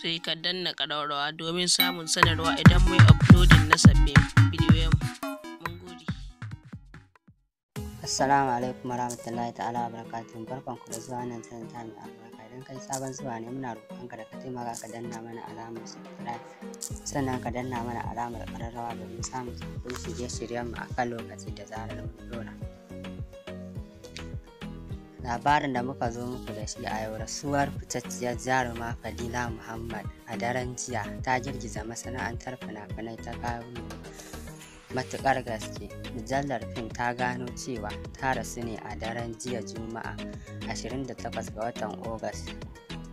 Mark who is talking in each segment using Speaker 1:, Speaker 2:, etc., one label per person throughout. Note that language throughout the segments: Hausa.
Speaker 1: sai ka danna ƙararrawa domin samun sanarwa idan mai uploading na sabbin bidiyoyin mun gode assalamu alaikum warahmatullahi ta'ala barakatun barkan ku da zuwa nan sanin ta mai albarka idan kai sabon zuwa ne muna roƙon ka da ka taimaka ka danna mana alamar subscribe sannan ka danna mana alamar ƙararrawa domin samun sabbin shirye-shiryen mu a kan lokaci da zarar mun dora labarin da muka zo muku da shi a yau rasuwar fitacciyar jaruma fadila muhammad a daren jiya ta girgiza masana'antar fina-finai ta kawo matuƙar gaske mujallar fim ta gano cewa ta rasu ne a daren jiya juma'a 28 ga watan Ogas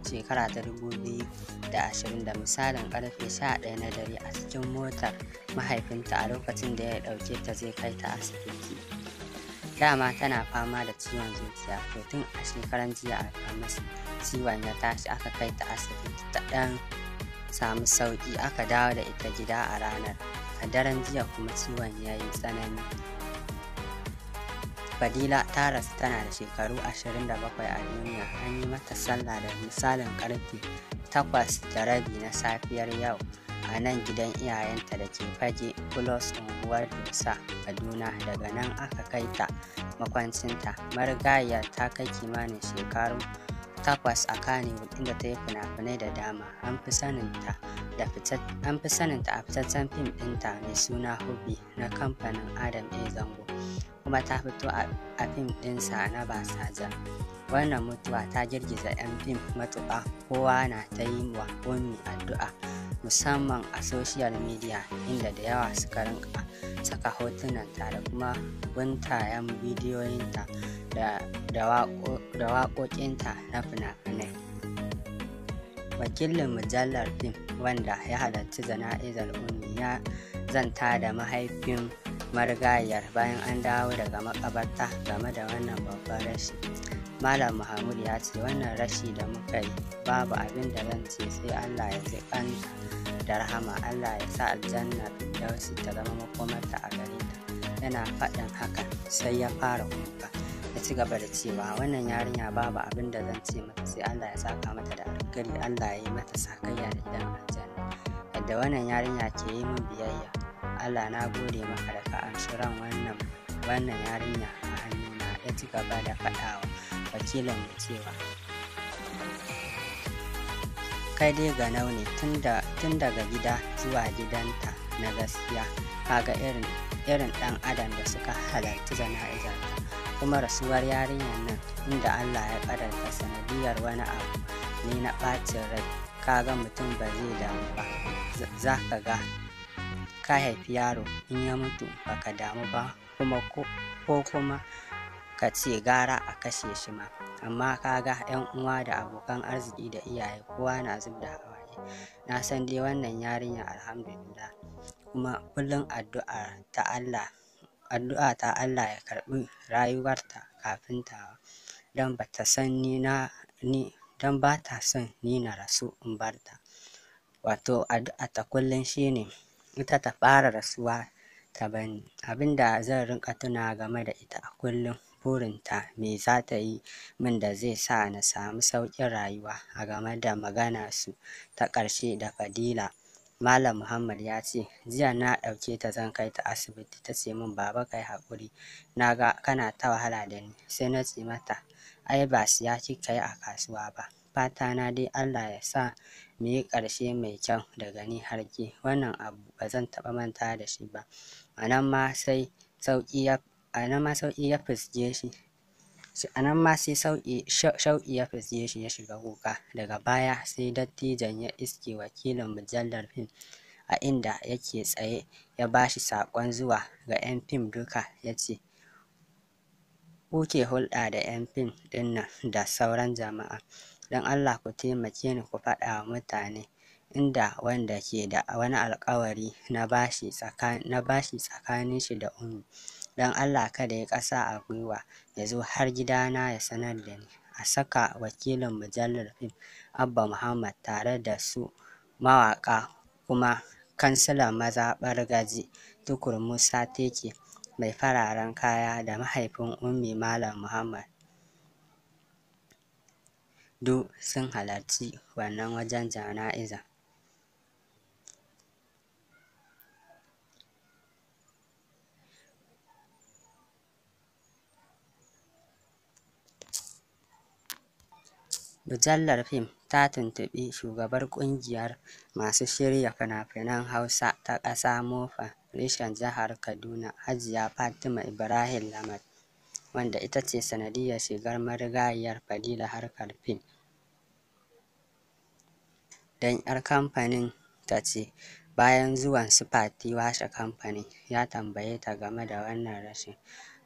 Speaker 1: shekara ta 2020 da misalin karfe 11 na dare a cikin motar mahaifinta a lokacin da ya ɗauke ta zai kai ta asibiti dama tana fama da ciwon zuciya to tun a shekaran jiya alhamis ciwon ya tashi aka kai ta asibiti ta ɗan samu sauƙi aka dawo da ita gida a ranar a daren jiya kuma ciwon ya yi tsanani fadila ta rasu tana da shekaru 27 a duniya an yi mata sallah da misalin karfe 8 da rabi na safiyar yau a nan gidan iyayenta da ke faje kulos unguwar dusa kaduna daga nan aka kai ta makwancinta marigayar ta kai kimanin shekaru takwas a kanewood inda ta yi fina-finai da dama an fi saninta a fitaccen fim ɗinta mai suna hobby na kamfanin adam a zango kuma ta fito a fim ɗinsa na basaja wannan mutuwa ta girgiza 'yan fim matuƙa kowa na ta yi wa addu'a musamman a social media inda da yawa suka rinka saka hotunanta da kuma guntayen bidiyoyinta da waƙoƙinta na fina-finai wakilin mujallar fim wanda ya halarci jana'izar umi ya zanta da mahaifin marigayar bayan an dawo daga makabarta game da wannan babban rashi Malam Muhammad ya ce wannan rashi da muka yi babu abin da zan ce sai Allah ya ji kan da rahama Allah ya sa aljanna wasu ta zama makomarta a gare ta. Yana faɗin haka sai ya fara kuka. Ya ci gaba da cewa wannan yarinya babu abin da zan ce mata sai Allah ya saka mata da alkhairi Allah ya yi mata sakayya da gidan aljanna. Yadda wannan yarinya ke yi min biyayya Allah na gode maka da ka amshi ran wannan wannan yarinya a hannuna ya ci gaba da faɗawa. Wakilan da cewa, Kai dai ga naune tun daga gida zuwa gidanta na gaskiya, kaga irin irin ɗan adam da suka halarci jana'izar kuma rasuwar yarinyar nan inda Allah ya kadarta sanadiyar wani abu ne na ɓacin rai kaga mutum ba zai damu ba za ka ga ka haifi yaro in ya mutu baka damu ba kuma ko kuma ka ce gara a kashe shi ma amma ka ga yan uwa da abokan arziki da iyaye kowa na zub da hawaye na san dai wannan yarinya alhamdulillah kuma kullum addu'a ta Allah ya karbi rayuwarta kafin tawa don ba ta san ni na ni don ba ta son ni na rasu in bar ta wato addu'a ta kullum shine ita ta fara rasuwa ta bani abinda zan rinka tuna game da ita a kullum burinta, me za ta yi min da zai sa na samu sauƙin rayuwa a game da magana su ta ƙarshe da Fadila. Malam Muhammad ya ce, jiya na ɗauke ta zan kai ta asibiti ta ce min baba kai haƙuri, na ga kana ta wahala da ni, sai na ce mata, ai ba siya kika yi a kasuwa ba, fata na dai Allah ya sa mu yi ƙarshe mai kyau da gani har ki, wannan abu ba zan taɓa manta da shi ba, a nan ma sai sauƙi ya a nan ma sauƙi ya shi a nan ma sai shauƙi ya fusge shi ya shiga kuka daga baya sai dattijan ya iske wakilin mujallar fim a inda yake tsaye ya ba shi saƙon zuwa ga 'yan fim duka ya ce kuke hulɗa da 'yan fim ɗin nan da sauran jama'a don Allah ku taimake ni ku faɗa wa mutane inda wanda ke da wani alƙawari na bashi tsakanin shi da Ummi don Allah kada ya ƙasa a gwiwa ya zo har gidana ya sanar da ni a saka wakilin mujallar fim Abba Muhammad tare da su mawaƙa kuma kansilan mazaɓar gaji Tukur Musa Teke mai fararen kaya da mahaifin Ummi Malam Muhammad duk sun halarci wannan wajen jana'iza. Mujallar Fim ta tuntuɓi shugabar ƙungiyar masu shirya fina-finan Hausa ta ƙasa (MOFA) reshen jihar Kaduna, Hajiya Fatima Ibrahim Lamar, wanda ita ce sanadiyar shigar marigayiyar Fadila harkar fim, don 'yar kamfanin ta ce, bayan zuwan su Fati washe kamfanin, ya tambaye ta game da wannan rashin.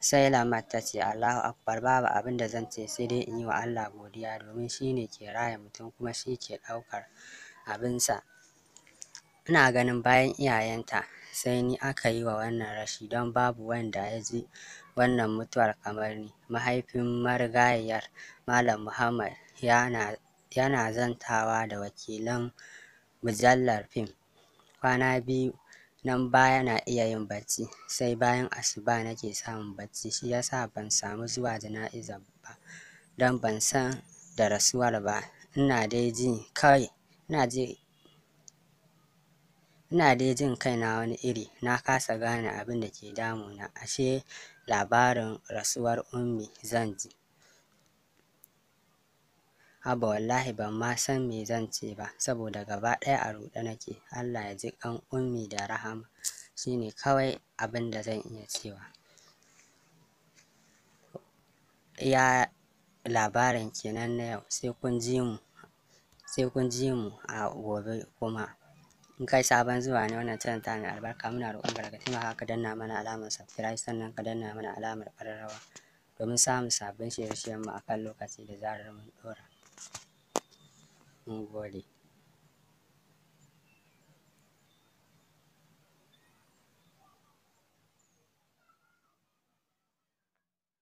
Speaker 1: sai Lamat ta ce Allahu Akbar babu abin da zan ce sai dai in yi wa Allah godiya domin shine ke raya mutum kuma shi ke ɗaukar abinsa. Ina ganin bayan iyayenta sai ni aka yi wa wannan rashi don babu wanda ya ji wannan mutuwar kamar ni. Mahaifin marigayiyar Malam Muhammad yana zantawa da wakilan mujallar fim kwana biyu nan baya na iya yin bacci sai bayan asuba nake samun bacci shi yasa ban samu zuwa jana'iza ba don ban san da rasuwar ba ina dai ji kai ina ji ina dai jin kaina wani iri na kasa gane abin da ke damuna ashe labarin rasuwar ummi zan ji Abba wallahi ban ma san me zan ce ba saboda gaba ɗaya a ruɗe nake Allah ya ji kan ummi da rahama shine kawai abin da zan iya cewa ya labarin kenan na yau sai kun ji mu sai kun ji mu a gobe kuma in kai sabon zuwa ne wannan channel ta mai albarka muna roƙon ka daga haka ka danna mana alamar subscribe sannan ka danna mana alamar ƙararrawa domin samun sabbin shirye-shiryen mu akan lokaci da zarar mun ɗora Vamos ali.